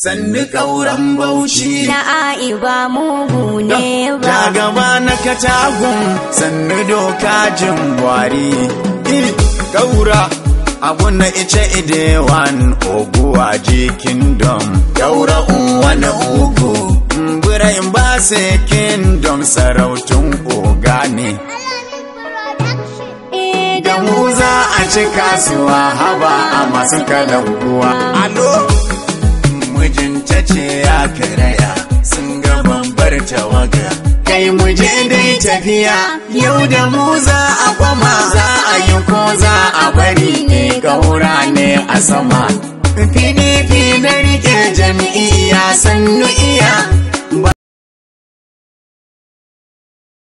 sannu ƙauren bauchi na aiba mugu ne ba ta gaba na katagun sannu doka jin gwari iri ƙaura abu na ice idewan oguwa ji kingdom ƙaura na ugu in ba se kingdom sarautun oga ne. da mu za a ci kasuwa haba a masu alo ce ya karaya sun ga bambar tawaga kai mu je dai tafiya yau da mu za a kwama za a yi ko za a bari ne gaura ne a sama pdp na rike jami'i ya sannu iya